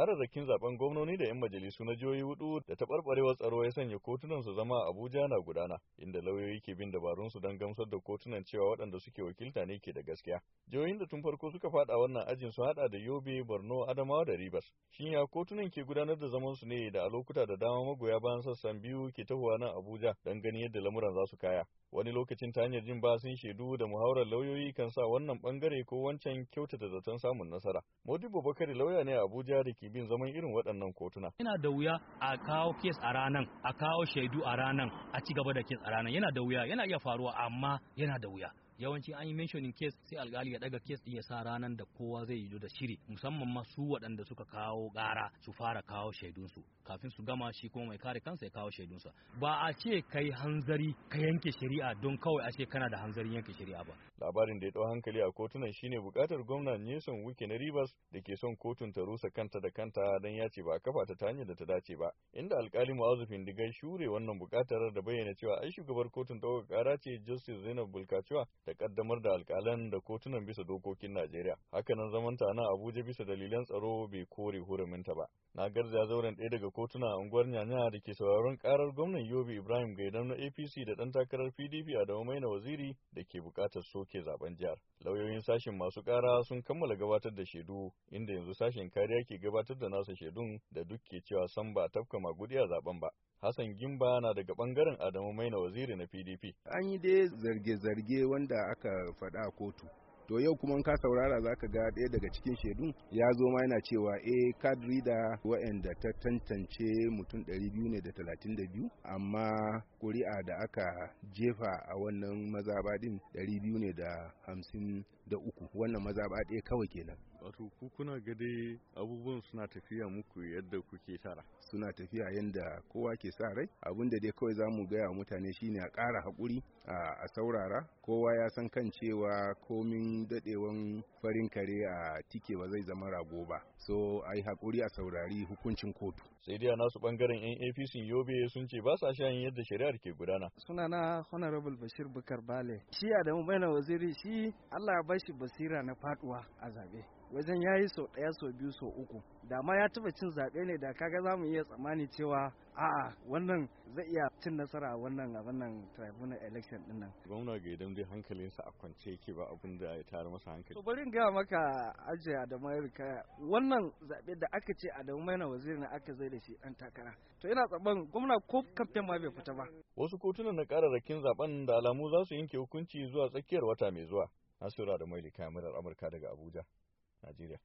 Kararrakin zaben gwamnoni da 'yan majalisu na jihohi hudu da taɓarɓarewar tsaro ya sanya kotunan su zama Abuja na gudana, inda lauyoyi ke bin dabarun su don gamsar da kotunan cewa waɗanda suke wakilta ne ke da gaskiya. Jihohin da tun farko suka fada wannan ajin su haɗa da Yobe, Borno, Adamawa da Ribas. Shin ya kotunan ke gudanar da zaman su ne da a lokuta da dama magoya bayan sassan biyu ke tahowa nan Abuja don ganin yadda lamuran za su kaya. Wani lokacin ta hanyar jin basin shaidu da muhawarar lauyoyi kan sa wannan bangare ko wancan kyautata zaton samun nasara. Modibo Bakari lauya ne a Abuja da ke bin zaman irin waɗannan kotuna yana da wuya a kawo kes a ranan a kawo shaidu a ranan a ci gaba da kes a ranan yana da wuya yana iya faruwa amma yana da wuya yawanci an yi mentioning case sai alkali ya daga case din ya sa ranan da kowa zai yi da shiri musamman ma su waɗanda suka kawo gara su fara kawo shaidunsu kafin su gama shi kuma mai kare kansa ya kawo shaidunsa ba a ce kai hanzari ka yanke shari'a don kawai a ce kana da hanzarin yanke shari'a ba labarin da ya dau hankali a kotunan shine bukatar gwamnan Nelson Wike na Rivers da ke son kotun ta rusa kanta da kanta don ya ce ba kafa ta hanyar da ta dace ba inda alkali Mu'azu Findigai shure wannan bukatar da bayyana cewa ai shugabar kotun ɗaukar kara ce Justice Zainab Bulkacewa ta kaddamar da alkalan da kotunan bisa dokokin Najeriya. Hakanan zaman ta na Abuja bisa dalilan tsaro bai kore huruminta ba. Na garzaya zauren ɗaya daga kotuna a unguwar Nyanya da ke sauraron karar gwamnan Yobe Ibrahim Gaidam na APC da ɗan takarar PDP a Maina Waziri da ke buƙatar soke zaben jihar. Lauyoyin sashen masu ƙara sun kammala gabatar da shaidu inda yanzu sashen kariya ke gabatar da nasa shaidun da duk ke cewa san ba tafka magudi a zaben ba. Hassan Gimba na daga bangaren Adamu Maina Waziri na PDP. An yi dai zarge-zarge wanda aka faɗa a kotu to yau kuma ka saurara za ka ga ɗaya daga cikin shaidu? ya zo ma yana cewa eh card reader waɗanda ta tantance mutum 232 amma kuri'a da aka jefa a wannan mazaba ɗin wannan mazaba ɗaya kawai kenan wato ku kuna gade abubuwan suna tafiya muku yadda kuke tara suna tafiya yadda kowa ke sa rai abin da dai kawai zamu gaya mutane shine a ƙara haƙuri a saurara kowa ya san kan cewa komin dadewan farin kare a tike ba zai zama rago ba so ai haƙuri a saurari hukuncin kotu sai dai nasu bangaren yan apc yobe sun ce ba sa shayin yadda shari'ar ke gudana Suna na honorable bashir bukar bale shi adamu baina waziri shi allah ya bashi basira na faduwa a zabe wajen ya yi sau ɗaya sau biyu sau uku da ma ya taɓa cin zaɓe ne da kaga za mu iya tsammani cewa a'a wannan zai iya cin nasara a wannan a wannan tribunal election din nan gwamna ga idan dai hankalinsa a kwance yake ba abin da ya tare masa hankali to bari in ga maka ajiye Adamu Yarika wannan zaɓe da aka ce Adamu yana waziri ne aka zai da shi ɗan takara to ina tsabban gwamna ko kamfen ma bai fita ba wasu kotunan na kararrakin zaben da alamu za su yanke hukunci zuwa tsakiyar wata mai zuwa Nasura da Maili kamarar Amurka daga Abuja Nigeria